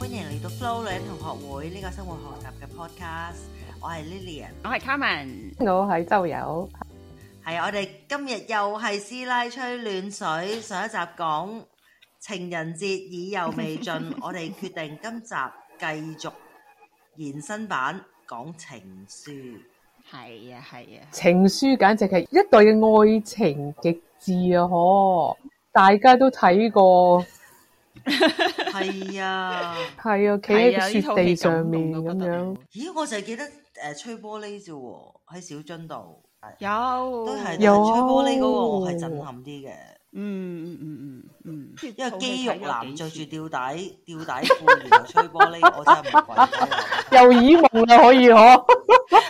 歡迎嚟到 Flo 女同學會呢個生活學習嘅 podcast，我係 Lilian，我係 Carmen，我係周游，係我哋今日又係師奶吹暖水。上一集講情人節意猶未盡，我哋決定今集繼續延伸版講情書，係啊係啊，情書簡直係一代嘅愛情極致啊，嗬，大家都睇過。係啊，係啊， 企喺個雪地上面咁樣。咦，我就係記得誒，吹玻璃啫，喺小樽度。有，都係吹玻璃嗰個，我係震撼啲嘅。嗯嗯嗯嗯嗯，嗯因為肌肉男着住吊帶吊帶褲，然後吹玻璃，我真係唔慣。 又耳毛就可以嗬，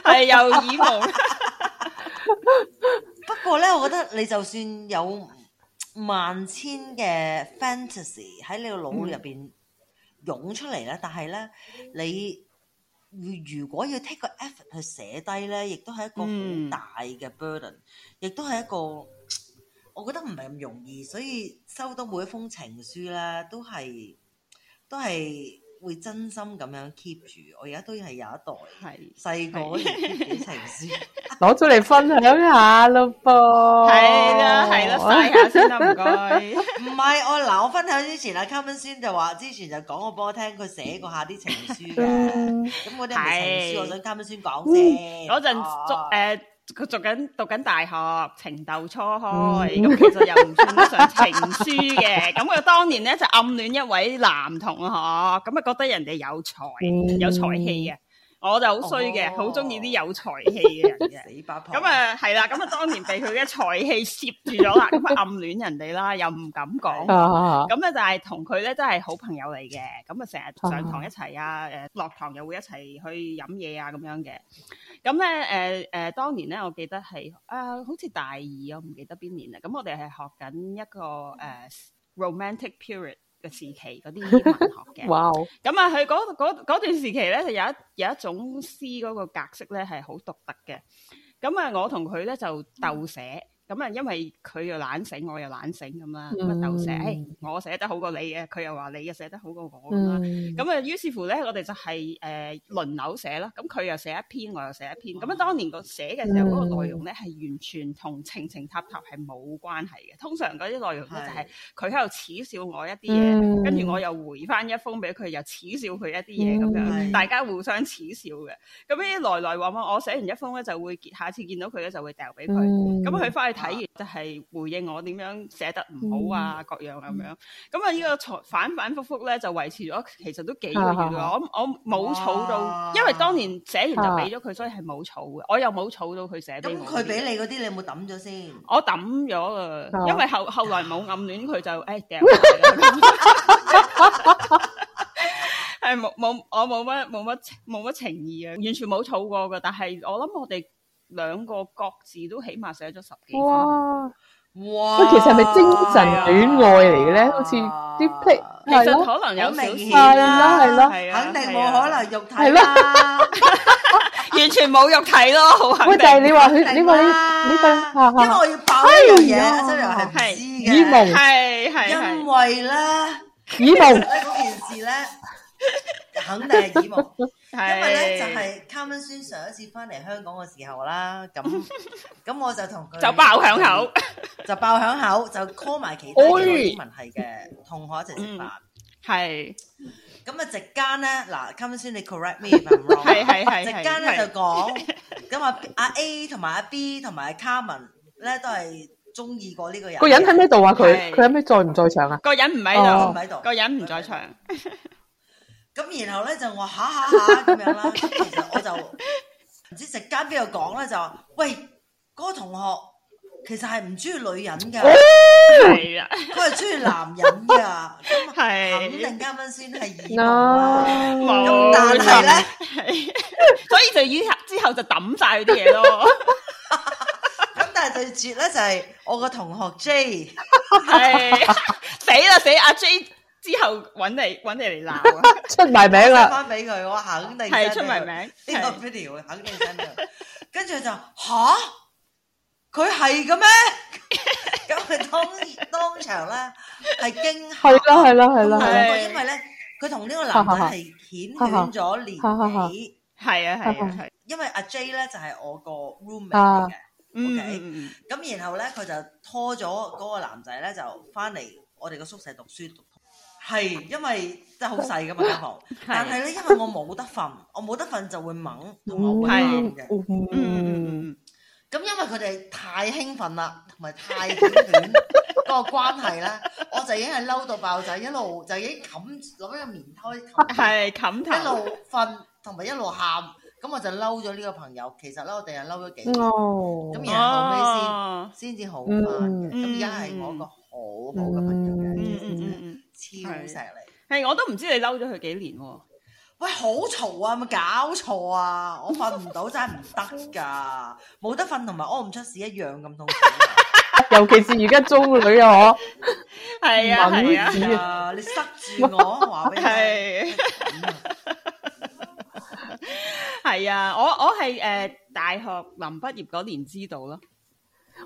係又耳毛。不過咧，我覺得你就算有。萬千嘅 fantasy 喺你個腦入邊湧出嚟啦，嗯、但係咧，你如果要 take 個 effort 去寫低咧，亦都係一個好大嘅 burden，亦都係、嗯、一個我覺得唔係咁容易，所以收到每一封情書咧，都係都係會真心咁樣 keep 住，我而家都係有一袋細個嘅情書。 攞出嚟分享下咯噃，係啦係啦，晒下先啦，唔該。唔係我嗱，我分享之前啊，Carmen 先就話之前就講過畀我聽佢寫過下啲情書嘅，咁我啲唔情書，我想 Carmen 先講先。嗰陣做誒，佢讀緊讀緊大學，情竇初開，咁其實又唔算得上情書嘅。咁佢當年咧就暗戀一位男同學，咁啊覺得人哋有才，有才氣嘅。我就好衰嘅，好中意啲有才氣嘅人嘅。死八婆。咁啊，係啦，咁啊當年被佢嘅才氣攝住咗啦，咁啊暗戀人哋啦，又唔敢講。咁咧就係同佢咧都係好朋友嚟嘅，咁、呃、啊成日上堂一齊啊，誒落堂又會一齊去飲嘢啊，咁樣嘅。咁咧誒誒，當年咧我記得係誒、嗯、好似大二，我唔記得邊年啦。咁、嗯、我哋係學緊一個誒、呃、romantic period。嘅時期嗰啲文學嘅， 哇哦，咁啊佢嗰段時期咧就有一有一種詩嗰個格式咧係好獨特嘅，咁啊我同佢咧就鬥寫。嗯咁啊，因為佢又懶醒，我又懶醒咁啦，咁啊就寫、mm hmm. 欸，我寫得好過你嘅，佢又話你又寫得好過我咁啦。咁啊、mm，hmm. 於是乎咧、就是，我哋就係誒輪流寫啦。咁佢又寫一篇，我又寫一篇。咁啊，當年個寫嘅時候嗰、mm hmm. 個內容咧，係完全同情情塔塔係冇關係嘅。通常嗰啲內容咧就係佢喺度恥笑我一啲嘢，mm hmm. 跟住我又回翻一封俾佢，又恥笑佢一啲嘢咁樣，大家互相恥笑嘅。咁樣來來往往，我寫完一封咧就會，下次見到佢咧就會掉俾佢。咁佢翻去。Hmm. 睇完就係回應我點樣寫得唔好啊，各樣咁樣。咁啊，呢個反反覆覆咧就維持咗，其實都幾個月咯。我我冇儲到，因為當年寫完就俾咗佢，所以係冇儲嘅。我又冇儲到佢寫到。佢俾你嗰啲，你有冇抌咗先？我抌咗啊，因為後後來冇暗戀佢就，唉掉咗。係冇冇我冇乜冇乜冇乜情意啊，完全冇儲過噶。但係我諗我哋。兩個各自都起碼寫咗十幾，哇哇！喂，其實係咪精神戀愛嚟嘅咧？好似啲 play，其實可能有少少係咯，係咯，肯定冇可能肉體，係咯，完全冇肉體咯，好肯定啦。但係你話，你話你，因為我要爆呢樣嘢，真係唔知嘅，係係係，因為咧羽毛咧嗰件事咧，肯定羽毛。因為咧就係 Carmen 孫上一次翻嚟香港嘅時候啦，咁咁我就同佢就爆響口，就爆響口就 call 埋其他嘅英文系嘅同學一齊食飯。係咁啊！席間咧，嗱，Carmen 孫你 correct me if I'm wrong 係係係，席間咧就講咁啊，阿 A 同埋阿 B 同埋 Carmen 咧都係中意過呢個人。個人喺咩度啊？佢佢喺咩在唔在場啊？個人唔喺度，唔喺度，個人唔在場。咁然後咧就話下下下」，咁樣啦，其實我就唔知席間邊度講咧就話，喂嗰、那個同學其實係唔中意女人噶，係啊， 佢係中意男人噶，係 是肯定加分先係二度啦，冇 No. 是，但係咧，所以就依之後就抌晒啲嘢咯。咁 但係對住咧就係我個同學 J， 死啦死阿、啊、J。之後揾你揾你嚟鬧，出埋名啦！翻俾佢，我肯定係出埋名。呢個 video，我肯定真嘅。跟住就吓，佢係嘅咩？咁佢當當場咧係驚嚇，係啦係啦係啦。因為咧，佢同呢個男仔係牽連咗年紀，係啊係啊係。因為阿 J 咧就係我個 roommate 嚟嘅，OK，嗯嗯嗯。咁然後咧，佢就拖咗嗰個男仔咧，就翻嚟我哋個宿舍讀書。係，因為真係好細噶嘛，但係咧，因為我冇得瞓，我冇得瞓就會掹，同我半夜嘅，咁因為佢哋太興奮啦，同埋太短短嗰個關係咧，我就已經係嬲到爆，就一路就已經冚攞啲個棉胎，係冚頭，一路瞓同埋一路喊，咁我就嬲咗呢個朋友。其實咧，我第日嬲咗幾年，咁然後後尾先先至好翻嘅。咁而家係我一個好好嘅朋友嘅。超錫你，誒，我都唔知你嬲咗佢幾年喎。喂，好嘈啊，咪搞錯啊！我瞓唔到，真係唔得噶，冇得瞓同埋屙唔出屎一樣咁痛苦。尤其是而家中嘅女 啊，嗬字。係啊，啊，你塞住我，我話俾你。係、呃、啊，我我係誒大學臨畢業嗰年知道咯。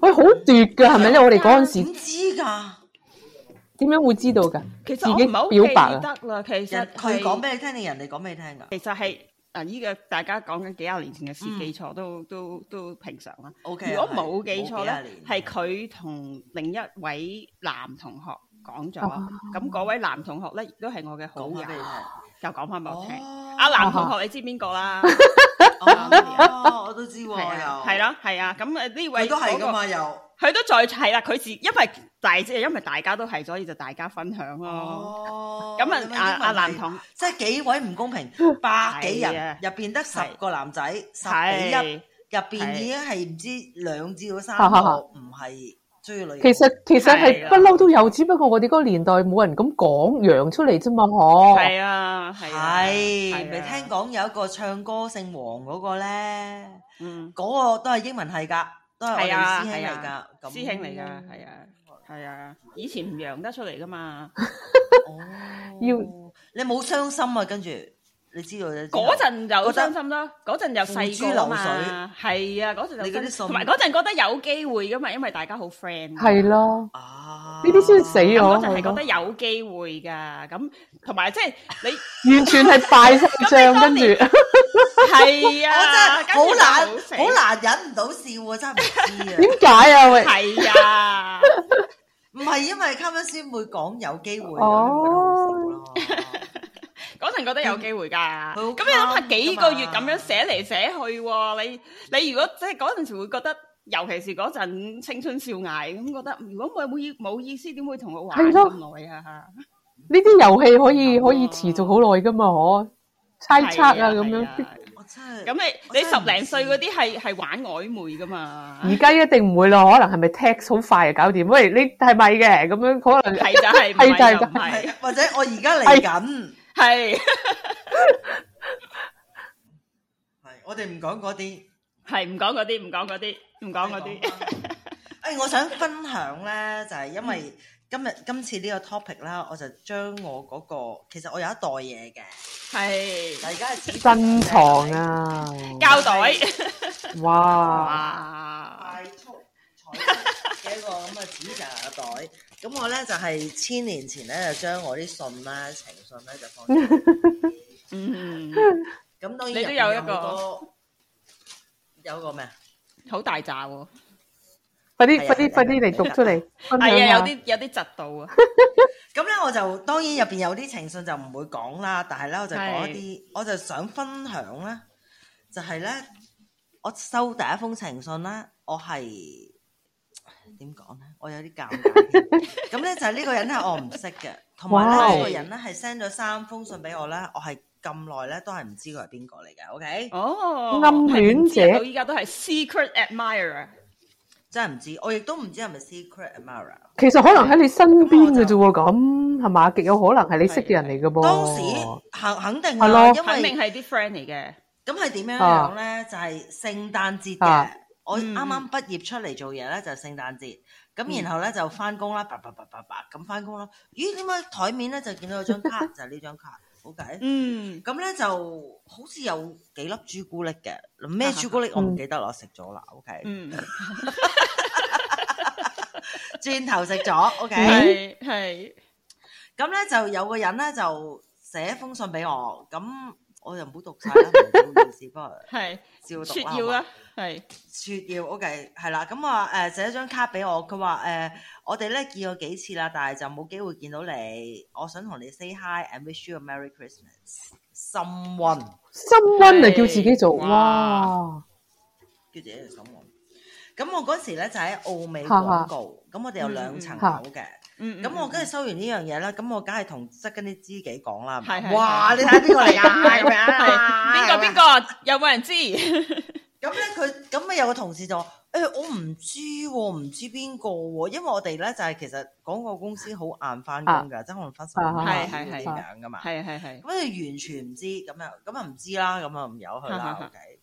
喂，好奪噶，係咪咧？我哋嗰陣時知。點知噶。點樣會知道噶？其實我唔係好明白啦。其實佢講俾你聽定人哋講俾你聽噶？其實係誒呢個大家講緊幾廿年前嘅事，記錯都都都平常啦。OK，如果冇記錯咧，係佢同另一位男同學講咗，咁嗰位男同學咧亦都係我嘅好友，就講翻俾我聽。阿男同學你知邊個啦？哦，我都知喎。係啊，係啦，係啊。咁誒呢位佢都係噶嘛？又佢都在係啦。佢自因為。大啫，因為大家都係，所以就大家分享咯。咁啊，阿阿男同即係幾位唔公平，百幾人入邊得十個男仔，十幾入邊已經係唔知兩至到三個唔係追女。其實其實係不嬲都有，只不過我哋嗰個年代冇人咁講揚出嚟啫嘛。嗬係啊，係咪聽講有一個唱歌姓黃嗰個咧？嗯，嗰個都係英文系噶，都係我哋師兄嚟噶，師兄嚟噶，係啊。係啊，以前唔養得出嚟噶嘛，要你冇傷心啊，跟住。你知道嗰陣就傷心啦，嗰陣又細個嘛，係啊，嗰陣就同埋嗰陣覺得有機會噶嘛，因為大家好 friend 係咯，呢啲先死咗。嗰陣係覺得有機會噶，咁同埋即係你完全係快失仗，跟住係啊，我真係好難好難忍唔到笑，真係唔知啊，點解啊？喂？係啊，唔係因為 Carmen 先會講有機會哦！嗰陣覺得有機會噶，咁你諗下幾個月咁樣寫嚟寫去，你你如果即係嗰陣時會覺得，尤其是嗰陣青春少艾咁，覺得如果冇冇意冇意思，點會同我玩咁耐啊？呢啲遊戲可以可以持續好耐噶嘛？嗬，猜測啊咁樣。我真係咁你你十零歲嗰啲係係玩曖昧噶嘛？而家一定唔會啦，可能係咪 text 好快啊搞掂？喂，你係咪嘅咁樣？可能係就係，係就係，或者我而家嚟緊。係，係，我哋唔講嗰啲，係唔講嗰啲，唔講嗰啲，唔講嗰啲。哎，我想分享咧，就係因為今日今次呢個 topic 啦，我就將我嗰個，其實我有一袋嘢嘅，係，大家係私藏啊，膠袋，哇，係儲藏一個咁嘅紙袋。咁我咧就係千年前咧就將我啲信啦、情信咧就放咗。 嗯，咁當然入邊有好多，有一個咩好大扎喎！ 快啲，快啲，快啲嚟讀出嚟！係 啊，有啲有啲窒到啊！咁咧，我就當然入邊有啲情信就唔會講啦，但係咧我就講一啲，的我就想分享咧，就係咧，我收第一封情信啦，我係。點講咧？我有啲尷尬。咁咧就係呢個人咧，我唔識嘅。同埋咧，呢個人咧係 send 咗三封信俾我咧，我係咁耐咧都係唔知佢係邊個嚟嘅。OK？哦，暗戀者到依家都係 secret admirer，真係唔知。我亦都唔知係咪 secret admirer。其實可能喺你身邊嘅啫。咁係嘛？極有可能係你識嘅人嚟嘅噃。當時肯肯定係咯，肯定係啲 friend 嚟嘅。咁係點樣樣咧？就係聖誕節嘅。我啱啱畢業出嚟做嘢咧，就聖誕節咁，然後咧就翻工啦，叭叭叭叭叭咁翻工啦。咦，點解台面咧就見到有張卡， 就係呢張卡，OK？嗯，咁咧就好似有幾粒朱古力嘅，咩朱古力我唔記得我食咗啦，O K？嗯，嗯 轉頭食咗，O K？係係。咁咧就有個人咧就寫封信俾我，咁。我又唔好讀晒啦，唔好意思，不過係照讀啦。係，炫耀，O K，係啦。咁啊，誒，寫一張卡俾我。佢話誒，我哋咧見過幾次啦，但係就冇機會見到你。我想同你 say hi and wish you a merry Christmas。Someone，Someone 嚟叫自己做哇！叫自己做 Someone。咁我嗰時咧就喺澳美廣告，咁我哋有兩層樓嘅。嗯，咁我梗係收完呢樣嘢啦，咁我梗係同即跟啲知己講啦，哇，你睇邊個嚟啊？係咪啊？邊個邊個有冇人知？咁咧佢，咁啊有個同事就話誒，我唔知，唔知邊個，因為我哋咧就係其實廣告公司好硬翻工噶，即係可能翻新嘅係係係咁樣噶嘛，係係係，咁你完全唔知，咁又咁又唔知啦，咁啊唔由佢啦，O K。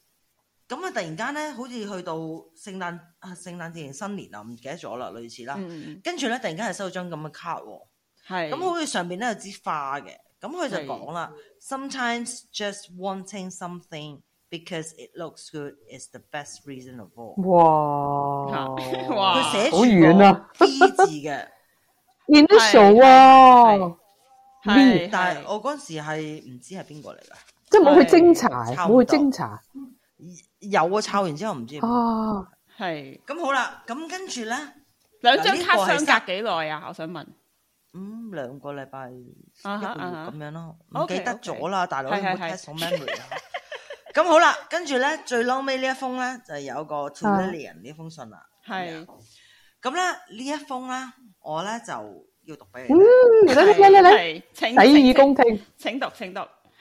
咁啊！突然間咧，好似去到聖誕啊，聖誕節定新年啊，唔記得咗啦，類似啦。跟住咧，突然間係收到張咁嘅卡，係咁好似上邊咧有支花嘅。咁佢就講啦：Sometimes just wanting something because it looks good is the best reason of all。哇！佢寫！好遠啊！一字嘅，in the show 啊！係，但係我嗰時係唔知係邊個嚟噶，即係冇去偵查，冇去偵查。有啊，抄完之後唔知。哦，係。咁好啦，咁跟住咧，兩張卡相隔幾耐啊？我想問。嗯，兩個禮拜，一個月咁樣咯，唔記得咗啦，大佬。係係係。咁好啦，跟住咧，最撈尾呢一封咧就有個親戀人呢封信啦。係。咁咧呢一封啦，我咧就要讀俾你。嗯，嚟嚟嚟嚟嚟，請洗耳恭聽，請讀，請讀。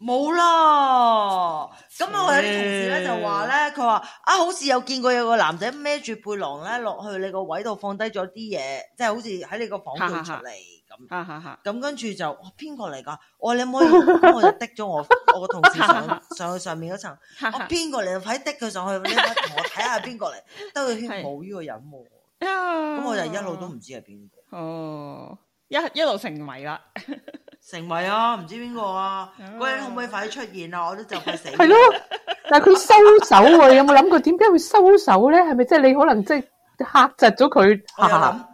冇啦，咁啊，我有啲同事咧就話咧，佢話啊，好似有見過有個男仔孭住背囊咧落去你個位度放低咗啲嘢，即係好似喺你個房度出嚟咁，咁跟住就邊個嚟噶？我你可唔可以？我就滴咗我我個同事上上去上面嗰層，我邊個嚟？我快滴佢上去，你同我睇下邊個嚟？兜一圈冇呢個人喎，咁我就一路都唔知係邊個。一一路成謎啦，成謎啊，唔知邊個啊，嗰人可唔可以快啲出現啊？我都就快死係咯，但係佢收手啊！你有冇諗過點解會收手咧？係咪即係你可能即係嚇窒咗佢啊？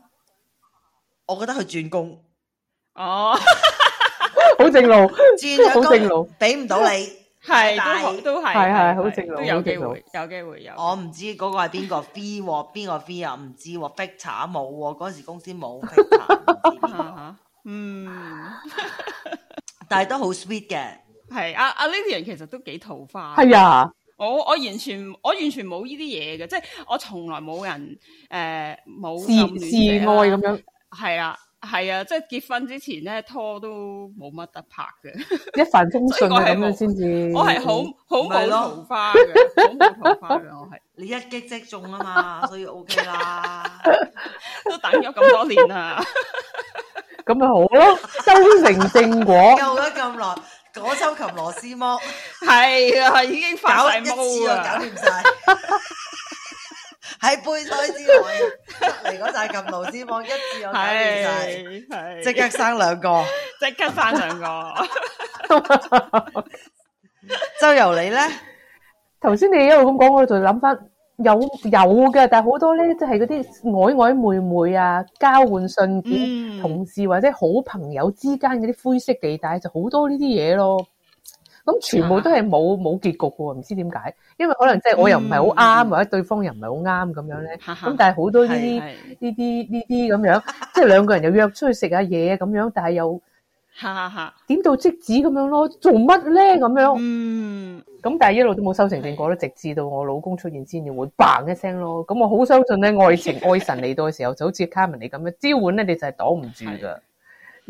我覺得佢轉工哦，好正路，轉工好正路，俾唔到你。係都好都係，係係好正路，都有機會，有機會有。我唔知嗰個係邊個，B 喎，邊個 B 啊？唔知喎，fixer 冇喎，嗰時公司冇 fixer 嗯，但係都好 sweet 嘅。係阿阿呢啲人其實都幾桃花。係啊，我我完全我完全冇呢啲嘢嘅，即係我從來冇人誒冇自自愛咁樣。係啊。係啊，即係結婚之前咧，拖都冇乜得拍嘅，一帆風順咁樣先至。我係好好無桃花嘅，好無桃花嘅我係。你一擊即中啊嘛，所以 OK 啦。都等咗咁多年啦，咁咪好咯，修成正果。救咗咁耐，果周擒螺絲剝，係啊，已經搞一次啊，搞掂晒。喺胚胎之內嚟嗰陣咁勞資方一次我解決晒，即刻生兩個，即刻生兩個。周游你咧，頭先你一路咁講，我就諗翻有有嘅，但係好多咧，即係嗰啲曖曖昧昧啊，交換信件，同事或者好朋友之間嗰啲灰色地帶，就好多呢啲嘢咯。咁全部都係冇冇結局嘅喎，唔知點解，因為可能即係我又唔係好啱，或者對方又唔係好啱咁樣咧。咁但係好多呢啲呢啲呢啲咁樣，即係兩個人又約出去食下嘢咁樣，但係又點到即止咁樣咯。做乜咧咁樣？嗯，咁但係一路都冇收成正果咯，直至到我老公出現先至會 bang 一聲咯。咁我好相信咧，愛情愛神嚟到嘅時候，就好似卡門你咁樣，招喚咧，你就係擋唔住噶，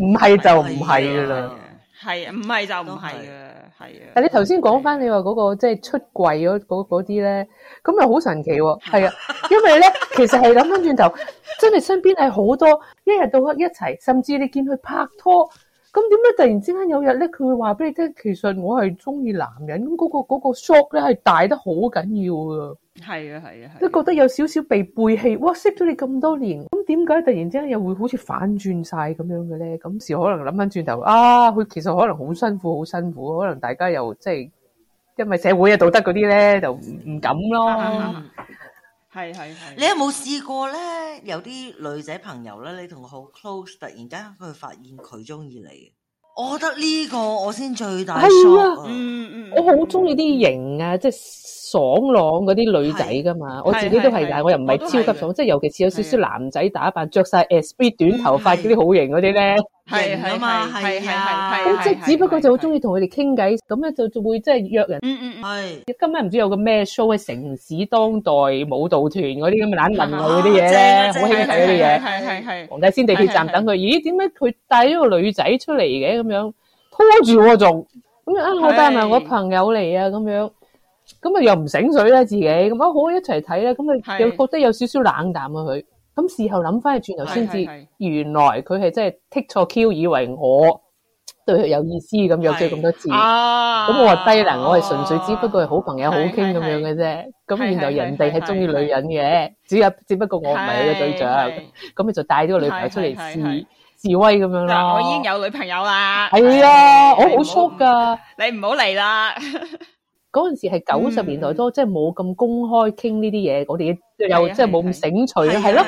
唔係就唔係噶啦。係啊，唔係就唔係啊，係啊。但你頭先講翻你話嗰個即係出櫃嗰啲咧，咁又好神奇喎，係啊。 因為咧，其實係諗翻轉頭，真係身邊係好多一日到黑一齊，甚至你見佢拍拖。咁點解突然之間有日咧，佢會話俾你聽？其實我係中意男人，咁嗰個嗰個 shock 咧係大得好緊要啊！係啊係啊，都覺得有少少被背棄。哇！識咗你咁多年，咁點解突然之間又會好似反轉晒咁樣嘅咧？咁時可能諗翻轉頭啊，佢其實可能好辛苦，好辛苦，可能大家又即係因為社會嘅道德嗰啲咧，就唔敢咯。嗯嗯嗯嗯。係係係，你有冇試過咧？有啲女仔朋友咧，你同佢好 close，突然間佢發現佢鍾意你嘅。我覺得呢個我先最大 shock 啊！我好中意啲型啊，即係爽朗嗰啲女仔噶嘛，我自己都係，但我又唔係超級爽，即係尤其是有少少男仔打扮，着晒 s b 短頭髮嗰啲好型嗰啲咧，係啊嘛，係係係，咁即係只不過就好中意同佢哋傾偈，咁樣就就會即係約人，係，今日唔知有個咩 show 喺城市當代舞蹈團嗰啲咁嘅難聞嗰啲嘢咧，好期待嗰啲嘢，係係係，黃大仙地鐵站等佢，咦？點解佢帶咗個女仔出嚟嘅？咁樣拖住我仲咁啊！我帶埋我朋友嚟啊！咁樣咁啊，又唔醒水咧，自己咁啊，好一齊睇咧，咁啊又覺得有少少冷淡啊佢，咁事後諗翻去轉頭先至，原來佢係真係剔錯 Q，以為我對佢有意思，咁樣追咁多次，咁我話低能，我係純粹只不過係好朋友好傾咁樣嘅啫，咁原來人哋係中意女人嘅，只有只不過我唔係佢嘅對象，咁咪就帶咗個女朋友出嚟試。示威咁樣啦，我已經有女朋友啦，係啊，我好 short 噶，你唔好嚟啦。嗰陣時係九十年代多，即係冇咁公開傾呢啲嘢，我哋又即係冇咁醒除，係咯，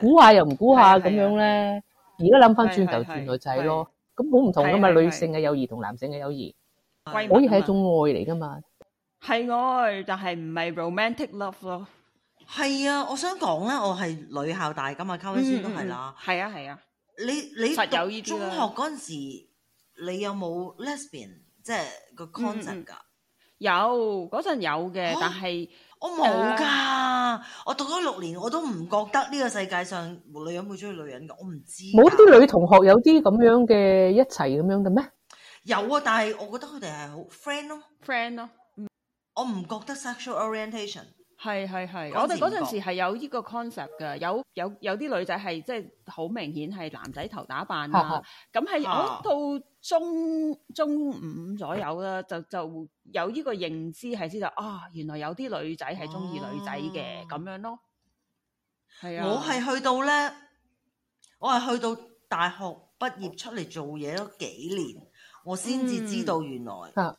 估下又唔估下咁樣咧。而家諗翻轉頭，轉來就係咯，咁好唔同噶嘛，女性嘅友誼同男性嘅友誼，可以係一種愛嚟噶嘛，係愛，但係唔係 romantic love 咯。係啊，我想講咧，我係女校大，咁啊，溝女先都係啦，係啊，係啊。你你中學嗰陣時，有你有冇 lesbian 即係個 concept 噶、嗯？有嗰陣有嘅。哦、但係是我冇噶。Uh, 我讀咗六年，我都唔覺得呢個世界上女人會中意女人嘅。我唔知冇啲女同學有啲咁樣嘅一齊咁樣嘅咩？有啊，但係我覺得佢哋係好 friend 咯、哦、，friend 咯、哦。我唔覺得 sexual orientation。係係係，是是是我哋嗰陣時係有呢個 concept 嘅，有有有啲女仔係即係好明顯係男仔頭打扮噶、啊，咁係我到中中五左右啦， 就就有呢個認知，係知道啊、哦，原來有啲女仔係中意女仔嘅咁樣咯。係啊，我係去到咧，我係去到大學畢業出嚟做嘢咗幾年，我先至知道原來、嗯。嗯嗯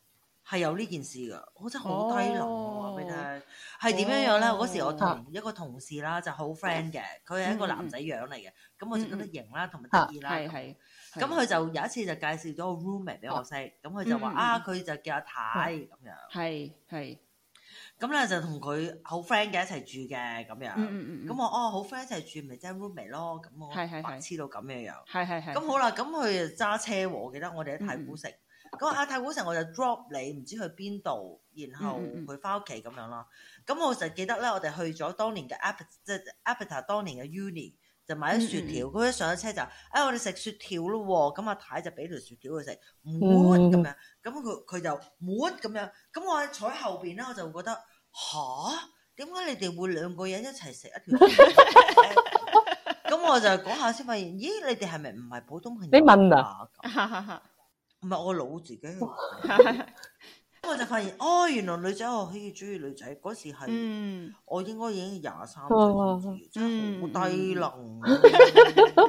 係有呢件事噶，我真係好低能喎！俾你係點樣樣咧？嗰時我同一個同事啦，就好 friend 嘅，佢係一個男仔樣嚟嘅，咁我就覺得型啦，同埋得意啦。咁佢就有一次就介紹咗個 roommate 俾我識，咁佢就話啊，佢就叫阿太咁樣。係係。咁咧就同佢好 friend 嘅一齊住嘅咁樣。嗯咁我哦好 friend 一齊住，咪即係 roommate 咯。咁我黐到咁樣樣。係係係。咁好啦，咁佢揸車喎記得我哋喺太古食。咁阿太古城，我就 drop 你唔知去邊度，然後佢翻屋企咁樣咯。咁、mm. 我就記得咧，我哋去咗當年嘅 Apita，即係 Apita 當年嘅 Uni，就買咗雪條。佢一上咗車就，哎，我哋食雪條咯、哦。咁阿太，太就俾條雪條佢食，唔換咁樣。咁佢佢就唔換咁樣。咁我坐喺後邊咧，我就覺得吓，點解、ah? 你哋會兩個人一齊食一條？咁 我就講下先，發現咦，e e, 你哋係咪唔係普通朋友？你問啊？ 唔係我老自己， 我就發現哦，原來女仔，我可以中意女仔嗰時係，嗯、我應該已經廿三歲，好、嗯、低能、啊。唔係、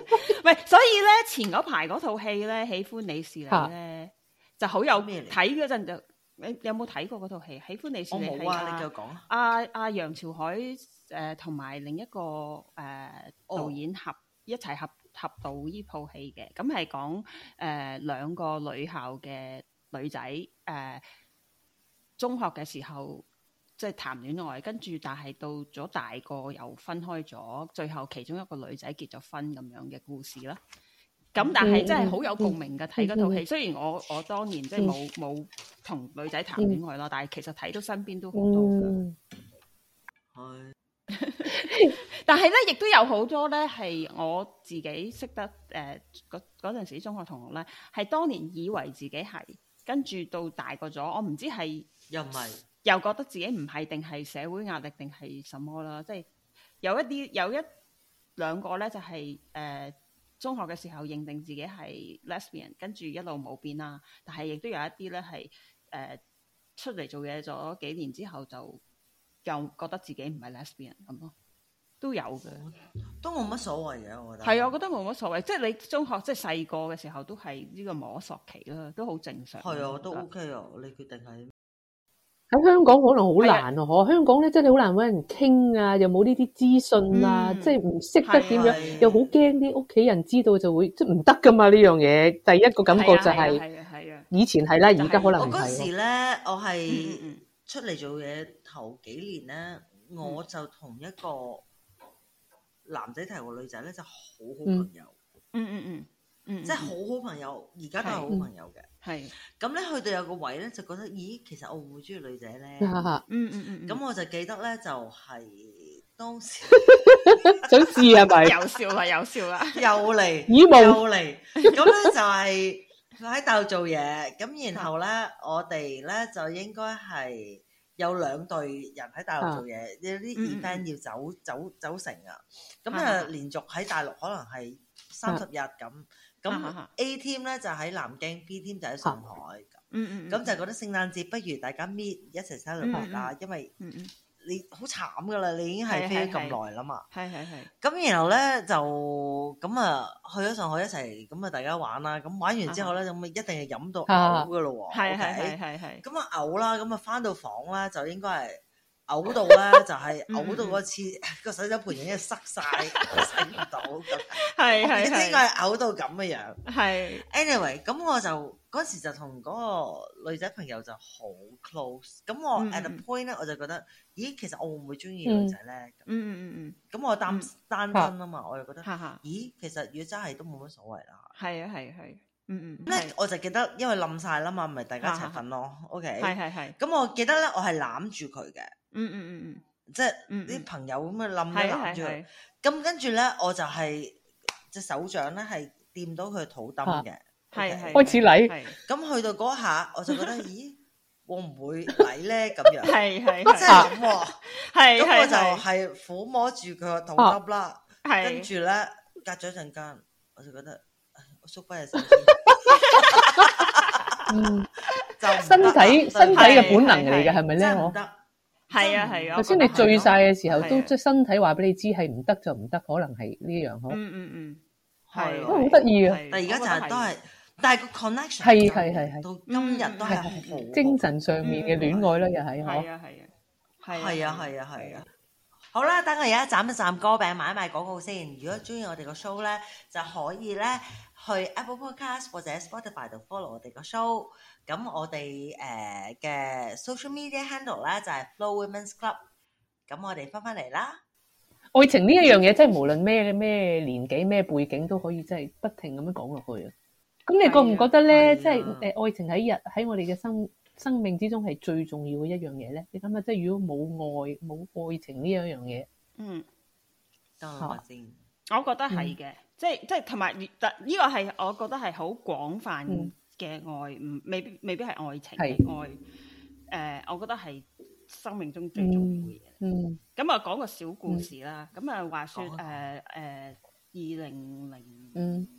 嗯， 所以咧前嗰排嗰套戲咧，喜歡你是你咧，就好有面睇嗰陣就，你有冇睇過嗰套戲？喜歡你是你，我冇、哦、啊！你繼續講。阿阿楊朝海誒，同、呃、埋另一個誒、呃、導演合、喔、一齊合。合到呢套戲嘅，咁係講誒兩個女校嘅女仔誒、呃、中學嘅時候即係、就是、談戀愛，跟住但係到咗大個又分開咗，最後其中一個女仔結咗婚咁樣嘅故事啦。咁但係真係好有共鳴嘅，睇嗰套戲。Mm hmm. 雖然我我當年即係冇冇同女仔談戀愛咯，但係其實睇到身邊都好多嘅。Mm hmm. 但係咧，亦都有好多咧，係我自己識得誒嗰嗰陣時中學同學咧，係當年以為自己係，跟住到大個咗，我唔知係又唔係，又覺得自己唔係定係社會壓力定係什麼啦，即係有一啲有一兩個咧，就係、是、誒、呃、中學嘅時候認定自己係 lesbian，跟住一路冇變啦。但係亦都有一啲咧係誒出嚟做嘢咗幾年之後就。又覺得自己唔係 lesbian 咁咯，都有嘅，都冇乜所謂嘅，我覺得係啊，我覺得冇乜所謂。即係你中學，即係細個嘅時候，都係呢個摸索期啦，都好正常。係啊，我都 OK 啊，你決定係喺香港可能好難哦的，香港咧真係好難揾人傾啊，又冇呢啲資訊啊，嗯、即係唔識得點樣，的又好驚啲屋企人知道就會即係唔得噶嘛呢樣嘢。第一個感覺就係係啊，係啊。以前係啦，而家可能的我嗰時咧，我係。嗯。出嚟做嘢頭幾年咧，我就同一個男仔提過女仔咧，就好好朋友，嗯嗯嗯嗯，即係好好朋友，而家都係好朋友嘅。係咁咧，去到有個位咧，就覺得咦，其實我會唔會中意女仔咧？嗯嗯嗯。咁我就記得咧，就係當時想試係咪？又笑啦，有笑啦，又嚟，又嚟。咁咧就係。佢喺大陸做嘢，咁然後咧，我哋咧就應該係有兩隊人喺大陸做嘢，有啲 event 要走走走成啊。咁啊，連續喺大陸可能係三十日咁。咁 A team 咧就喺南京，B team 就喺上海。咁就覺得聖誕節不如大家 meet 一齊收留佢啦，因為。你好慘噶啦，你已經係飛咗咁耐啦嘛。係係係。咁然後咧就咁啊，去咗上海一齊咁啊，大家玩啦。咁玩完之後咧，咁咪、啊、哈一定係飲到嘔嘅咯喎。係係係，咁啊嘔哈啦，咁啊翻到房咧就應該係嘔到咧，就係、是、嘔到嗰次個洗手盆已經塞晒，洗唔到。係係係。應該係嘔到咁嘅樣。係 是。是 anyway，咁我就。嗰時就同嗰個女仔朋友就好 close，咁我 at a point 咧我就覺得，咦其實我會唔會中意女仔咧？嗯嗯嗯嗯。咁我單單身啊嘛，我就覺得，咦其實如果真係都冇乜所謂啦。係啊係啊係。嗯嗯。咧我就記得，因為冧晒啦嘛，咪大家一齊瞓咯。OK。係係係。咁我記得咧，我係攬住佢嘅。嗯嗯嗯嗯。即係啲朋友咁樣冧都攬住佢。咁跟住咧，我就係隻手掌咧係掂到佢肚墩嘅。係係開始嚟，咁去到嗰下，我就覺得咦，會唔會嚟咧？咁樣係係即係諗，係咁我就係撫摸住佢個頭耷啦，跟住咧隔咗一陣間，我就覺得我縮返隻手先，嗯，就身體身體嘅本能嚟嘅係咪咧？我覺得係啊係啊，頭先你醉晒嘅時候都即係身體話俾你知係唔得就唔得，可能係呢樣嗬，嗯嗯嗯，係都好得意啊，但而家就係都係。但係個 connection 係係係係到今日都係好精神上面嘅戀愛啦，又係嗬係啊係啊係啊係啊係啊好啦，等我而家斬一斬歌餅買一買廣告先。如果中意我哋個 show 咧，就可以咧去 Apple Podcast 或者 Spotify 度 follow 我哋個 show。咁我哋誒嘅 social media handle 咧就係 Flo Women's Club。咁我哋翻翻嚟啦。愛情呢一樣嘢，即係無論咩咩年紀、咩背景，都可以真係不停咁樣講落去啊！咁你覺唔覺得咧，即係誒愛情喺日喺我哋嘅生的生命之中係最重要嘅一樣嘢咧？你諗、嗯、下，即係如果冇愛冇愛情呢樣嘢，嗯，個人發我覺得係嘅、嗯，即係即係同埋，呢、這個係我覺得係好廣泛嘅愛，唔、嗯、未必未必係愛情嘅的愛，誒、呃，我覺得係生命中最重要嘅嘢、嗯。嗯，咁啊講個小故事啦。咁啊、嗯、話說誒誒二零零嗯。嗯嗯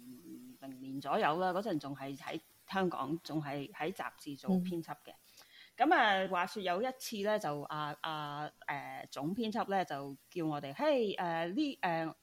明年左右啦，嗰陣仲係喺香港，仲係喺雜誌做編輯嘅。咁啊、嗯，話說有一次咧，就阿阿誒總編輯咧就叫我哋嘿誒呢誒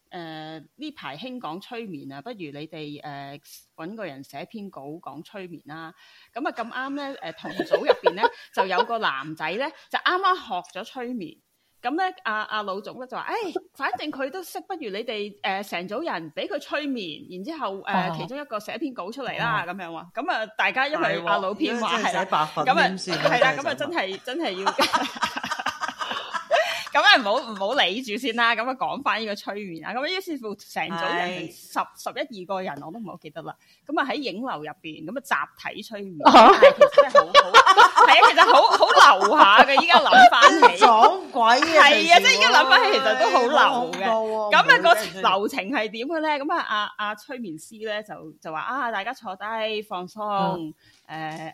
誒呢排興講催眠啊，不如你哋誒揾個人寫篇稿講催眠啦、啊。咁啊咁啱咧誒，同組入邊咧就有個男仔咧就啱啱學咗催眠。咁咧，阿阿、嗯啊、老總咧就話：誒、哎，反正佢都識，不如你哋誒成組人俾佢催眠，然之後誒、呃啊、其中一個寫一篇稿出嚟啦，咁樣話。咁啊，大家因為阿、啊、老編話係啦，咁啊真係 真係要。 咁啊，唔好唔好理住先啦。咁啊，講翻呢個催眠啊。咁於是乎，成組人十十一二個人，我都唔係好記得啦。咁啊，喺影樓入邊咁啊，集體催眠，真係好好。係啊，其實好好流下嘅。依家諗翻起，撞鬼啊！係啊，即係依家諗翻，其實都好流嘅。咁啊，個流程係點嘅咧？咁啊，阿、啊、阿催眠師咧就就話啊，大家坐低放鬆。誒誒、啊，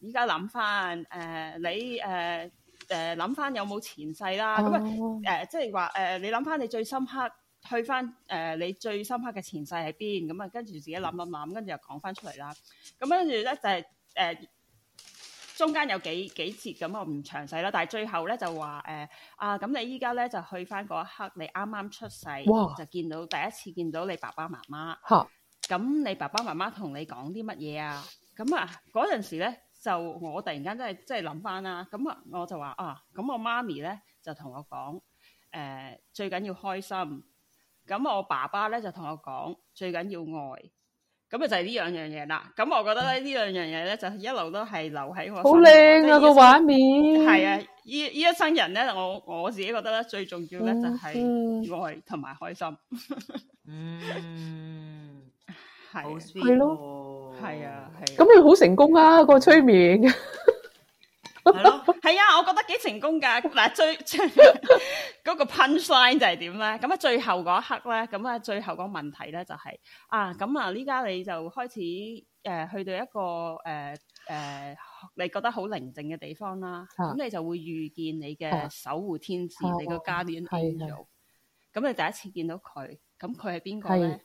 依家諗翻誒，你誒。啊你誒諗翻有冇前世啦，咁啊誒，即係話誒，你諗翻你最深刻，去翻誒、呃、你最深刻嘅前世喺邊，咁、嗯、啊跟住自己諗一諗，跟住又講翻出嚟啦。咁、嗯、跟住咧就係、是、誒、呃、中間有幾幾節咁、嗯、我唔詳細啦，但係最後咧就話誒、呃、啊，咁你依家咧就去翻嗰一刻，你啱啱出世哇就見到第一次見到你爸爸媽媽。嚇哈！咁你爸爸媽媽同你講啲乜嘢啊？咁啊嗰陣時咧。就我突然間真係真係諗翻啦，咁啊我就話啊，咁我媽咪咧就同我講，誒最緊要開心，咁我爸爸咧就同我講最緊要愛，咁啊就係呢兩樣嘢啦。咁我覺得咧呢兩樣嘢咧就一路都係留喺我。好靚啊個畫面。係啊，依依一生人咧，我我自己覺得咧最重要咧就係愛同埋開心。嗯，係係咯。係啊，咁你好成功啊！個催眠，係啊，我覺得幾成功噶。嗱，最嗰個 punchline 就係點咧？咁啊，最後嗰一刻咧，咁啊，最後個問題咧就係、是、啊，咁啊，呢家你就開始誒、呃、去到一個誒誒、呃呃、你覺得好寧靜嘅地方啦，咁、啊、你就會遇見你嘅守護天使，啊、你個 guardian angel，咁你第一次見到佢，咁佢係邊個咧？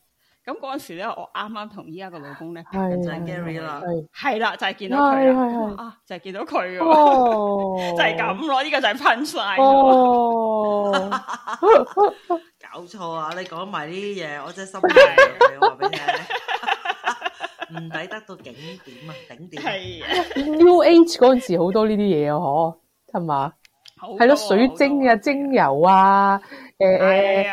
咁嗰陣時咧，我啱啱同依家個老公咧，啊、就係 Gary 啦，係啦、啊，就係見到佢啦，啊，就係、是、見到佢嘅、啊啊，就係咁咯，呢、哦 呢個就係噴晒，哦、 搞錯啊！你講埋呢啲嘢，我真係心太亂，話俾 你。唔抵 得到景點，景點啊，頂點。 New Age 嗰陣時好多呢啲嘢啊，嗬，係嘛？係咯，水晶啊，精油啊，誒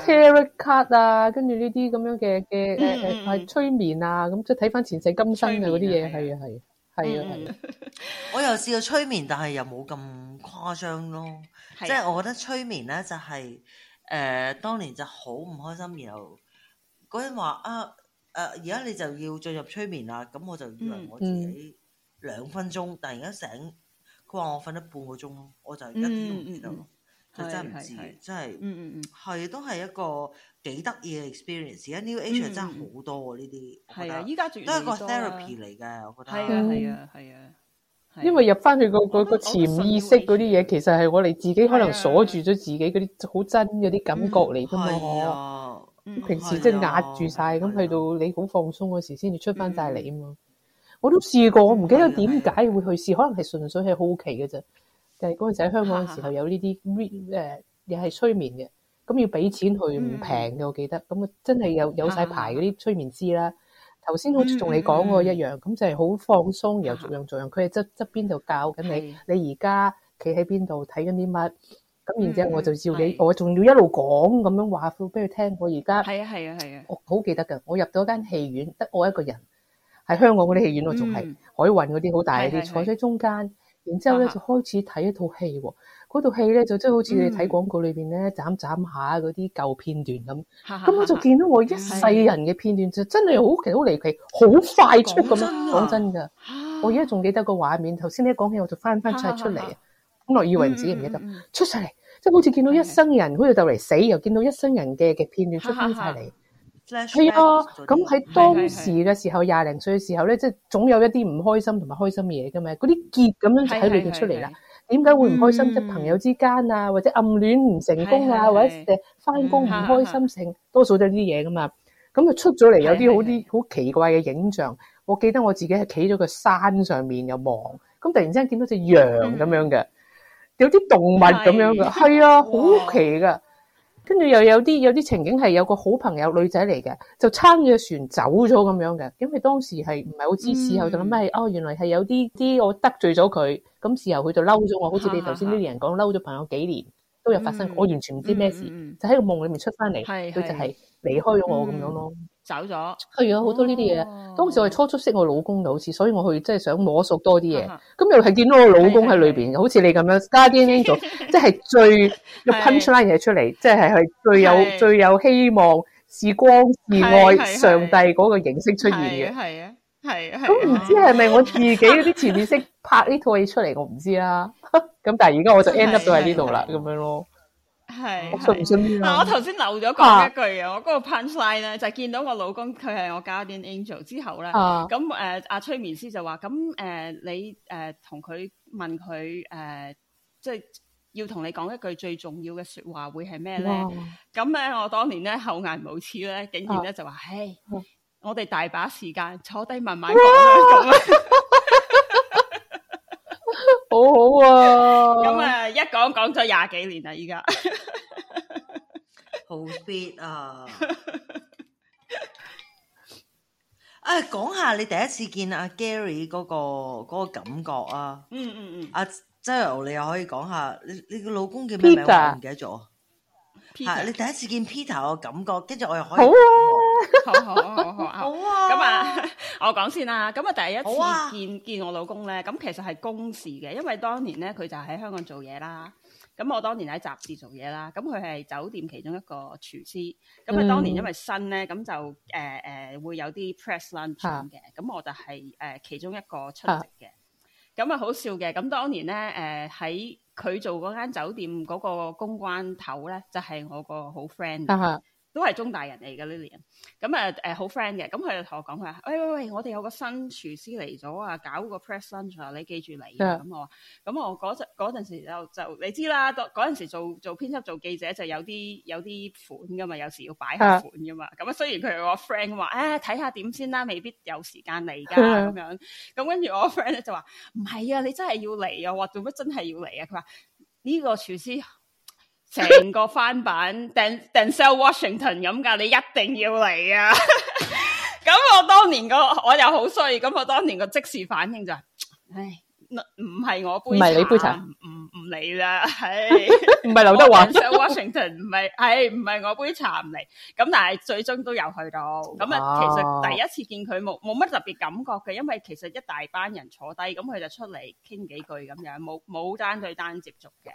誒，tarot card 啊，跟住呢啲咁樣嘅嘅誒誒，係催眠啊，咁即係睇翻前世今生啊，嗰啲嘢，係啊係啊係啊，我又試過催眠，但係又冇咁誇張咯。即係我覺得催眠咧就係誒當年就好唔開心，然後嗰人話啊誒而家你就要進入催眠啦，咁我就以為我自己兩分鐘，但係而家醒。我瞓咗半個鐘咯，我就一點都唔知真係唔知，真係，係都係一個幾得意嘅 experience。而 New Age 真係好多呢啲，係啊，依家都係個 therapy 嚟㗎，我覺得。係啊係啊係啊，因為入翻去個個潛意識嗰啲嘢，其實係我哋自己可能鎖住咗自己嗰啲好真嗰啲感覺嚟㗎嘛。平時即係壓住晒，咁去到你好放鬆嗰時，先至出翻晒嚟啊嘛。我都試過，我唔記得點解會去試，可能係純粹係好奇嘅啫。但係嗰陣喺香港嘅時候有呢啲 read 誒，亦係催眠嘅。咁要俾錢去，唔平嘅，我記得。咁啊，真係有有晒牌嗰啲催眠師啦。頭先好似同你講過一樣，咁就係好放鬆，然後逐樣逐樣。佢係側側邊度教緊你，你而家企喺邊度睇緊啲乜？咁然之後我就照你，我仲要一路講咁樣話副俾佢聽。我而家係啊係啊係啊，我好記得㗎。我入到間戲院，得我一個人。喺香港嗰啲戲院咯，仲係海運嗰啲好大啲，坐喺中間，然之後咧就開始睇一套戲，嗰套戲咧就真好似你睇廣告裏邊咧，斬斬下嗰啲舊片段咁，咁我就見到我一世人嘅片段，就真係好奇好離奇，好快速咁，講真噶，我而家仲記得個畫面，頭先你一講起我就翻翻出出嚟啊，我以為自己唔記得出晒嚟，即係好似見到一生人，好似就嚟死又見到一生人嘅嘅片段出翻晒嚟。係啊，咁喺當時嘅時候，廿零歲嘅時候咧，即係總有一啲唔開心同埋開心嘅嘢噶嘛，嗰啲結咁樣就喺裏邊出嚟啦。點解會唔開心？即係朋友之間啊，或者暗戀唔成功啊，或者誒翻工唔開心，性，多數都係呢啲嘢噶嘛。咁就出咗嚟，有啲好啲好奇怪嘅影像。我記得我自己係企咗個山上面又望，咁突然之間見到隻羊咁樣嘅，有啲動物咁樣嘅，係啊，好奇噶。跟住又有啲有啲情景係有個好朋友女仔嚟嘅，就撐住船走咗咁樣嘅。因為當時係唔係好知事後就，就諗係哦，原來係有啲啲我得罪咗佢，咁事後佢就嬲咗我，好似你頭先呢啲人講，嬲咗、嗯、朋友幾年都有發生過。嗯、我完全唔知咩事，嗯嗯、就喺個夢裏面出翻嚟，佢、嗯嗯、就係離開咗我咁樣咯、嗯。嗯嗯走咗，係啊，好多呢啲嘢。當時我係初初識我老公，好似，所以我去真係想摸索多啲嘢。咁又係見到我老公喺裏邊，好似你咁樣，Studying Angel 即係最 Punchline 嘢出嚟，即係係最有最有希望，是光是愛上帝嗰個形式出現嘅，係啊，係啊。都唔知係咪我自己啲潛意識拍呢套戲出嚟，我唔知啦。咁但係而家我就 end up 到喺呢度啦，咁樣咯。係，是是我頭先漏咗講一句啊！我嗰個 punchline 咧，就見、是、到我老公佢係我 guardian angel 之後咧，咁誒阿催眠師就話：咁、嗯、誒、呃、你誒同佢問佢誒，即、呃、係、就是、要同你講一句最重要嘅説話會係咩咧？咁咧、啊嗯、我當年咧厚顏無恥咧，竟然咧、啊、就話：唉，我哋大把時間坐低慢慢講啦，咁好好啊！咁啊、嗯嗯嗯，一講講咗廿幾年啦，依家。嗯好 fit！啊，誒，講下你第一次見阿 Gary 嗰個嗰個感覺啊！嗯嗯嗯，阿周游你又可以講下你你個老公叫咩名？我唔記得咗。Peter，你第一次見 Peter 個感覺，跟住我又可以。好啊，好好好好，好啊。咁啊，我講先啦。咁啊，第一次見見我老公咧，咁其實係公事嘅，因為當年咧佢就喺香港做嘢啦。咁我當年喺雜誌做嘢啦，咁佢係酒店其中一個廚師，咁佢、嗯、當年因為新咧，咁就誒誒、呃呃、會有啲 press lunch 嘅，咁、啊、我就係、是、誒、呃、其中一個出席嘅，咁啊好笑嘅，咁當年咧誒喺佢做嗰間酒店嗰個公關頭咧，就係、是、我個好 friend。啊啊都係中大人嚟嘅呢啲人，咁啊誒好、啊、friend 嘅，咁佢就同我講佢話：喂喂喂，我哋有個新廚師嚟咗啊，搞個 press lunch 啊，你記住嚟、啊。咁我咁我嗰陣嗰時就就你知啦，嗰陣時做做編輯做記者就有啲有啲款噶嘛，有時要擺下款噶嘛。咁的啊，雖然佢係我 friend 話，誒睇下點先啦、啊，未必有時間嚟㗎咁樣。咁跟住我 friend 咧就話：唔係啊，你真係要嚟啊！我話做乜真係要嚟啊？佢話呢個廚師。成個翻版 ，Den Denzel Washington 咁噶，你一定要嚟啊！咁 我當年、嗰個我又好衰，咁我當年個即時反應就係、係，唉，唔係我杯茶，唔係你杯茶。嚟啦，唔係劉德華。Washington 唔係，係唔係我杯茶唔嚟咁？但係最終都有去到咁啊。其實第一次見佢冇冇乜特別感覺嘅，因為其實一大班人坐低咁，佢就出嚟傾幾句咁樣，冇冇單對單接觸嘅。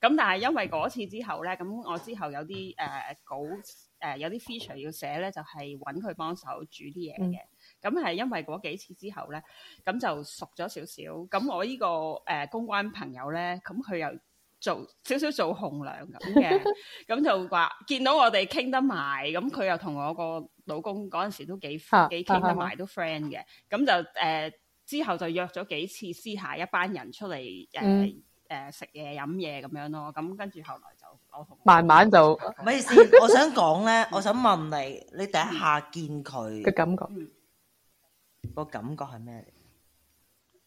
咁但係因為嗰次之後咧，咁我之後有啲誒、呃、稿誒、呃、有啲 feature 要寫咧，就係揾佢幫手煮啲嘢嘅。嗯咁係、嗯、因為嗰幾次之後咧，咁就熟咗少少。咁我呢、呢個誒、呃、公關朋友咧，咁佢又做少少做紅娘咁嘅，咁 就話見到我哋傾得埋，咁佢又同我個老公嗰陣時都幾幾傾得埋，啊啊、都 friend 嘅。咁就誒、呃、之後就約咗幾次私下一班人出嚟誒誒食嘢飲嘢咁樣咯。咁跟住後來就我我慢慢就唔好意思，我想講咧，我想問你，你第一下見佢嘅感覺。個感覺係咩嚟？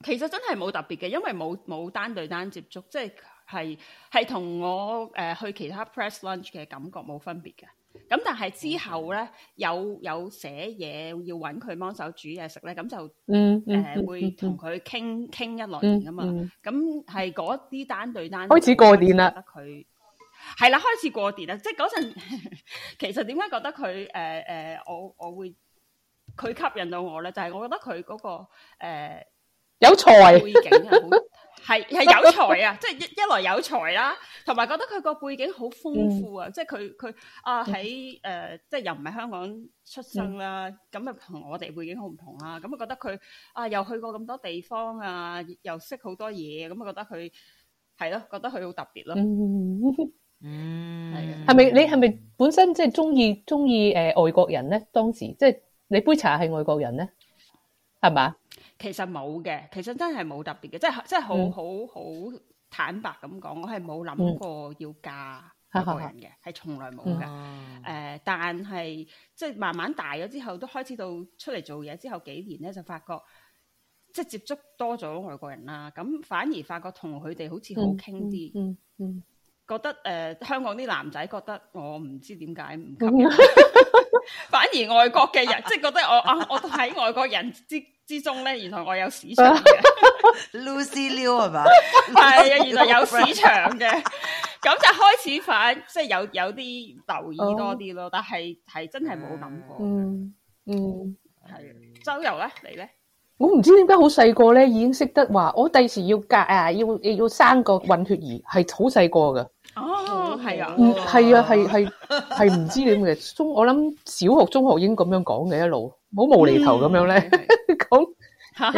其實真係冇特別嘅，因為冇冇單對單接觸，即係係係同我誒去其他 press lunch 嘅感覺冇分別嘅。咁但係之後咧，有有寫嘢要搵佢幫手煮嘢食咧，咁就嗯誒會同佢傾傾一輪噶嘛。咁係嗰啲單對單開始過電啦，覺得佢係啦，開始過電啦。即係嗰陣其實點解覺得佢誒誒我我會？佢吸引到我咧，就係我覺得佢嗰個誒有才背景好，係係有才啊！即係一來有才啦，同埋覺得佢個背景好豐富啊！即係佢佢啊喺誒，即係又唔係香港出生啦，咁啊同我哋背景好唔同啊。咁啊覺得佢啊又去過咁多地方啊，又識好多嘢，咁啊覺得佢係咯，覺得佢好特別咯。嗯，係咪你係咪本身即係中意中意誒外國人咧？當時即係。你杯茶係外國人咧，係嘛？其實冇嘅，其實真係冇特別嘅。嗯、即係即係好好好坦白咁講，我係冇諗過要嫁外國人嘅，係從、嗯、來冇㗎。誒、嗯呃，但係即係慢慢大咗之後，都開始到出嚟做嘢之後幾年咧，就發覺即係接觸多咗外國人啦，咁反而發覺同佢哋好似好傾啲。嗯嗯，嗯覺得誒、呃，香港啲男仔覺得我唔知點解唔。嗯 反而外國嘅人，即係覺得我啊，我都喺外國人之之中咧。原來我有市場嘅，Lucy Liu 係嘛？係啊，原來有市場嘅。咁就開始反，即係有有啲留意多啲咯。但係係真係冇諗過。嗯嗯，係周遊咧，你咧？我唔知點解好細個咧已經識得話，我第時要嫁啊，要要生個混血兒，係好細個噶。係啊，嗯，係啊，係係係唔知點嘅，中我諗小學中學已經咁樣講嘅一路，無好無厘頭咁樣咧講，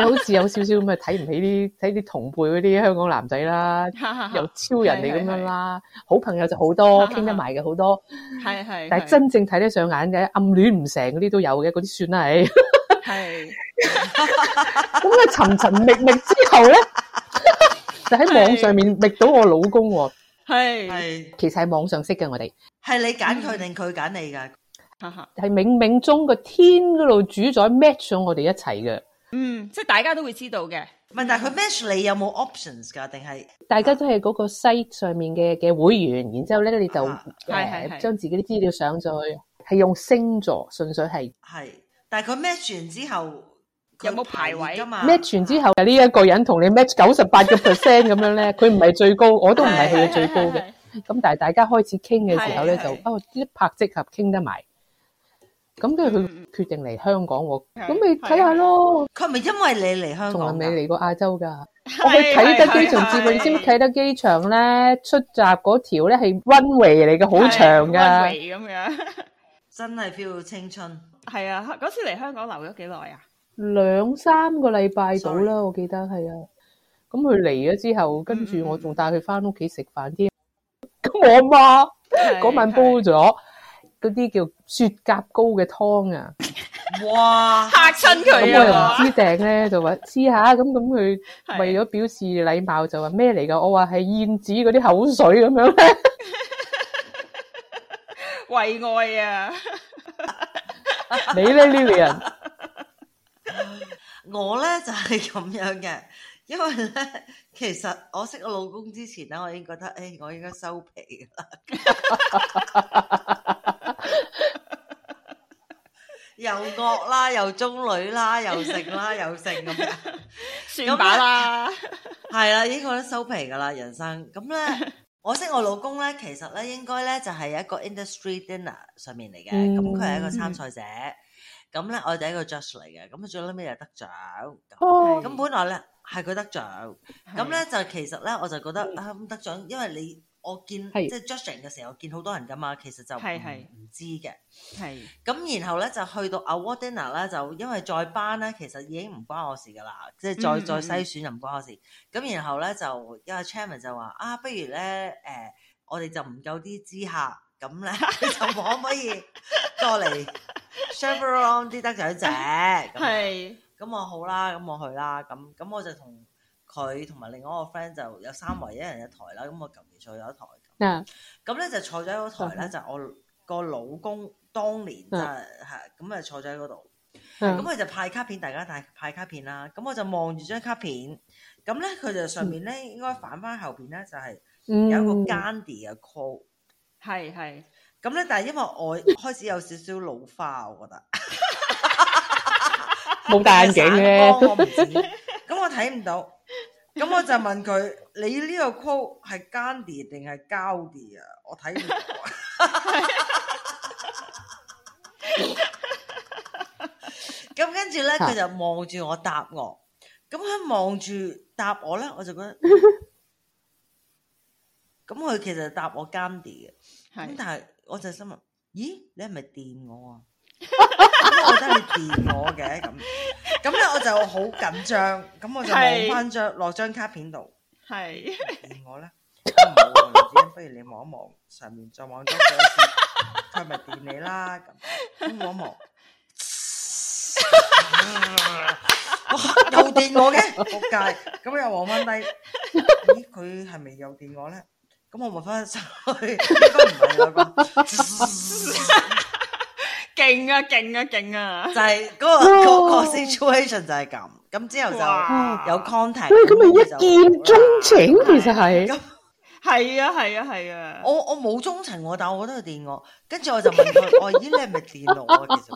又好似有少少咁啊睇唔起啲睇啲同輩嗰啲香港男仔啦，又超人哋咁樣啦，是是是好朋友就好多傾得埋嘅好多，係係是，是是是但係真正睇得上眼嘅暗戀唔成嗰啲都有嘅，嗰啲算啦，係，係，咁啊尋尋覓覓之後咧， 就喺網上面覓到我老公喎，啊。係，是其實喺網上識嘅我哋。係你揀佢定佢揀你噶？係、嗯、 冥冥中個天嗰度主宰 match 咗我哋一齊嘅。嗯，即係大家都會知道嘅。問題佢 match 你有冇 options 噶？定係？大家都係嗰個 site 上面嘅嘅會員，然之後咧你就係係將自己啲資料上咗去，係 用星座純粹係。係，但係佢 match 完之後。有冇排位噶嘛？match 完之後就呢一個人同你 match 九十八個 percent 咁樣咧，佢唔係最高，我都唔係去到最高嘅。咁但係大家開始傾嘅時候咧，就哦一拍即合，傾得埋。咁跟住佢決定嚟香港，我咁你睇下咯。佢係咪因為你嚟香港？仲係未嚟過亞洲噶？我去啟德機場接佢，你知唔知啟德機場咧出閘嗰條咧係 runway 嚟嘅，好長嘅。咁樣真係 feel 青春。係啊，嗰次嚟香港留咗幾耐啊？兩三個禮拜到啦，我記得係啊。咁佢嚟咗之後，跟住我仲帶佢翻屋企食飯添。咁我阿媽嗰晚煲咗嗰啲叫雪蛤膏嘅湯啊！哇，嚇親佢啊！咁我又唔知訂咧，就話試下咁，咁佢為咗表示禮貌，就話咩嚟噶？我話係燕子嗰啲口水咁樣咧。為愛啊！你咧呢個人？ 我咧就係、是、咁樣嘅，因為咧其實我識我老公之前咧，我已經覺得誒、欸，我應該收皮啦， 又惡啦，又中女啦，又剩啦，又剩咁樣，算把啦，係啦，已經覺得收皮噶啦，人生咁咧，我識我老公咧，其實咧應該咧就係一個 industry dinner 上面嚟嘅，咁佢係一個參賽者。嗯咁咧，我係一個 judge 嚟嘅，咁啊，最屘尾又得獎。哦，咁樣是本來咧係佢得獎，咁咧是就其實咧我就覺得是啊，得獎，因為你我見是即係 judging 嘅時候見好多人噶嘛，其實就唔知嘅。係，咁然後咧就去到 award dinner 啦，就因為再班咧其實已經唔關我事噶啦，即係、嗯嗯、再再篩選又唔關我事。咁然後咧就因為 chairman 就話啊，不如咧誒、呃呃，我哋就唔夠啲資客，咁、呃、咧、呃、就可唔可以過嚟？Shaver on 啲得姐就一隻，係咁是、嗯、我好啦，咁我去啦，咁咁我就同佢同埋另外一個 friend 就有三圍一人一台啦，咁我近年坐咗一台，嗯，咁咧就坐咗一台咧就,個台是就我、我個老公當年就係咁啊坐咗喺嗰度，咁佢就派卡片，大家帶派卡片啦，咁我就望住張卡片，咁咧佢就上面咧、嗯、應該反翻後邊咧就係、是、有一個 Gandhi 嘅 call，係係。咁咧，但係因為我開始有少少老花，我覺得冇戴 眼鏡咧。我唔知，咁我睇唔 到，咁我就問佢：你呢個 call 係 Gandy 定係 Gaudi 啊？我睇唔到。咁跟住咧，佢就望住我答我。咁佢望住答我咧，我就覺得，咁佢其實答我 Gandy 嘅。咁的但係。我就心諗，咦，你係咪電我啊？我覺得你電我嘅咁，咁咧我就好緊張，咁我就望翻張落張卡片度。係是電我咧、哎，不如你望一望上面，再望張卡片佢係咪電你啦？咁我一望，又電我嘅仆街，咁又望翻低，咦，佢係咪又電我咧？咁我咪翻上去，應該唔係啦啩？勁啊，勁啊，勁啊！啊啊就係嗰、嗰個 oh. 個 situation 就係咁，咁之後就有 contact。哇！咁咪一見鐘情， 其實係是。係啊，係啊，係啊！我我冇鐘情我，但我覺得係電我。跟住我就問佢：我咦，你係咪電我啊？其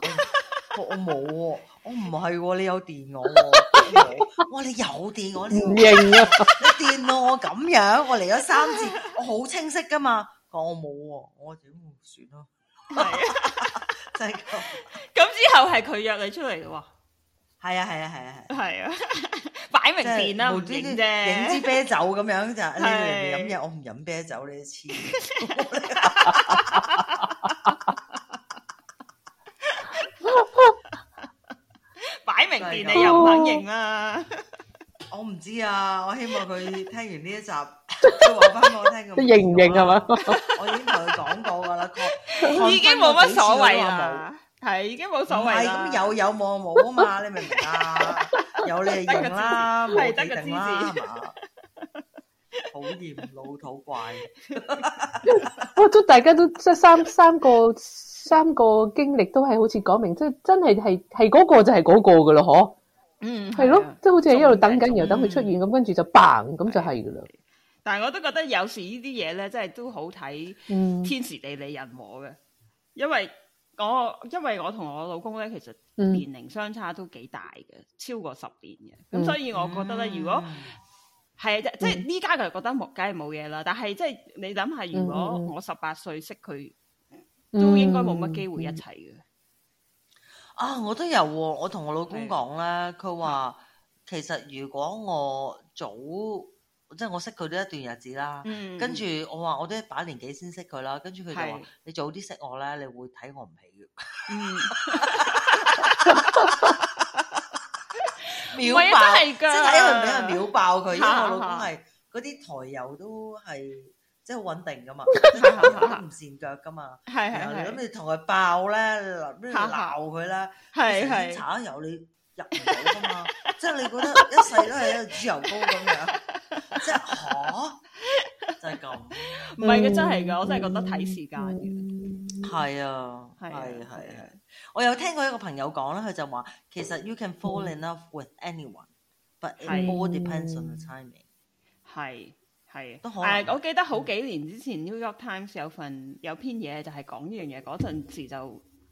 實我冇喎，我唔係喎，你有電我我，你有電我唔認啊？你電我我咁樣我嚟，咗三次我好清晰噶嘛，我冇喎，我點算咯，係啊，就係咁之後，係佢約你出嚟嘅話。係啊係啊係啊係啊，擺明電啦，影啫，影支啤酒咁樣咋？你嚟飲嘢我唔飲啤酒，呢一次。你又唔肯認啦？我唔知啊，我希望佢聽完呢一集都話翻俾我聽咁。都認唔認係嘛？我已經同佢講過㗎喇，已經冇乜所謂啦。係已經冇所謂啦。咁有有冇冇啊嘛？你明唔明啊？有你係認啦，冇你定啦。討厭老土怪。我祝大家都即係三三個，三個經歷都係好似講明，即、就、係、是、真係係係嗰個就係嗰個噶啦，嗬，嗯，係咯，即係好似喺一路等緊，然後等佢出現咁，跟住就嘭咁就係噶啦。但係我都覺得有時呢啲嘢咧，真係都好睇天時地利，利人和天時地利人和嘅，因為我因為我同我老公咧，其實年齡相差都幾大嘅，超過十年嘅，咁、嗯、所以我覺得咧，嗯、如果係、嗯、即係呢家就係覺得冇，梗係冇嘢啦。但係即係你諗下，如果我十八歲識佢。都應該冇乜機會一齊嘅，嗯嗯。啊，我都有，啊，我同我老公講啦。佢話的其實如果我早，即、就、係、是、我識佢都一段日子啦，嗯，跟住我話我都一把年紀先識佢啦，跟住佢就話的你早啲識我咧，你會睇我唔起嘅。嗯，秒爆，即係睇佢俾人秒爆佢，因為我老公係嗰啲台友都係。即係好穩定噶嘛，都唔跣腳噶嘛，係係係。咁你同佢爆咧，嗱鬧佢咧，係係。炒油你入唔到噶嘛？即係你覺得一世都係一個豬油膏咁樣，即係嚇，真係咁？唔係嘅，真係嘅，我真係覺得睇時間嘅。係啊，係係係。我有聽過一個朋友講咧，佢就話其實 you can fall in love with anyone，but it all depends on the timing。係。係，誒、嗯啊，我記得好幾年之前《嗯、New York Times 有》有份有篇嘢就係講呢樣嘢，嗰陣時就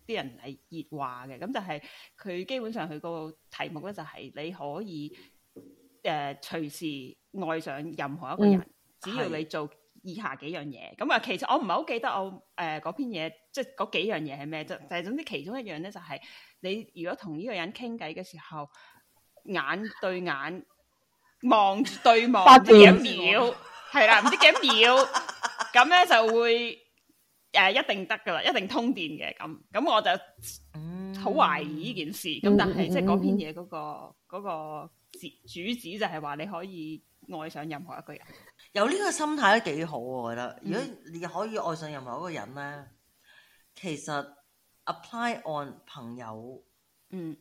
啲人係熱話嘅，咁就係佢基本上佢個題目咧就係、是、你可以誒、呃、隨時愛上任何一個人，只要你做以下幾樣嘢。咁啊、嗯，其實我唔係好記得我誒嗰、呃、篇嘢，即係嗰幾樣嘢係咩啫？就係總之其中一樣咧就係、是、你如果同呢個人傾偈嘅時候，眼對眼望對望一秒。 係啦，唔知幾多秒，咁咧就會誒一定得噶啦，一定通電嘅咁。咁我就好懷疑呢件事。咁但係即係嗰篇嘢嗰個嗰個主旨就係話你可以愛上任何一個人。有呢個心態都幾好，我覺得。如果你可以愛上任何一個人咧，其實 apply on 朋友，嗯，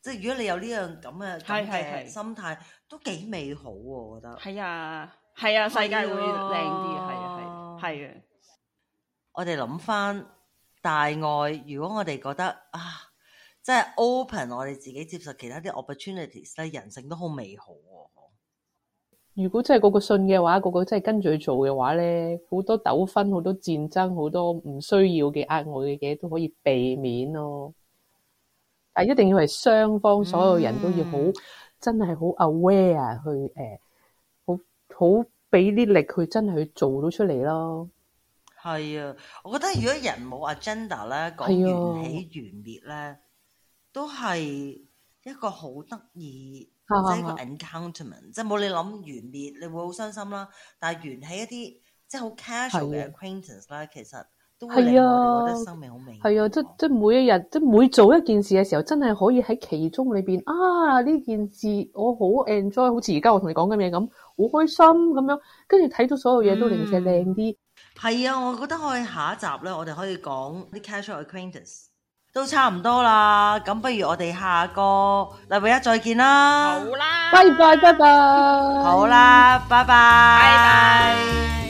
即係如果你有呢樣咁嘅咁嘅心態，都幾美好，我覺得。係啊。係啊，世界會靚啲，係啊，係啊，我哋諗翻大愛，如果我哋覺得啊，即係 open，我哋自己接受其他啲 opportunities 咧，人性都好美好。如果真係個個信嘅話，個個真係跟住做嘅話咧，好多糾紛、好多戰爭、好多唔需要嘅額外嘅嘢都可以避免咯。但一定要係雙方，所有人都要好、mm hmm. 真係好 aware 去誒。好俾啲力，佢真係去做到出嚟咯。係啊，我覺得如果人冇話 agenda 咧，講緣起緣滅咧，啊、都係一個好得意或者一個 encounterment、啊。即係冇你諗緣滅，你會好傷心啦。但係緣起一啲即係好 casual 嘅 acquaintance 啦，就是 acquaint ance, 啊、其實都係啊，我覺得生命好美係啊，啊。即即每一日即每做一件事嘅時候，真係可以喺其中裏邊啊。呢件事我好 enjoy，好似而家我同你講緊嘢咁。好開心咁樣，跟住睇到所有嘢都零舍靚啲。係啊、嗯，我覺得可以下一集咧，我哋可以講啲 casual acquaintances 都差唔多啦。咁不如我哋下個禮拜一再見啦。好啦，拜拜！拜拜。好啦，拜拜。拜拜。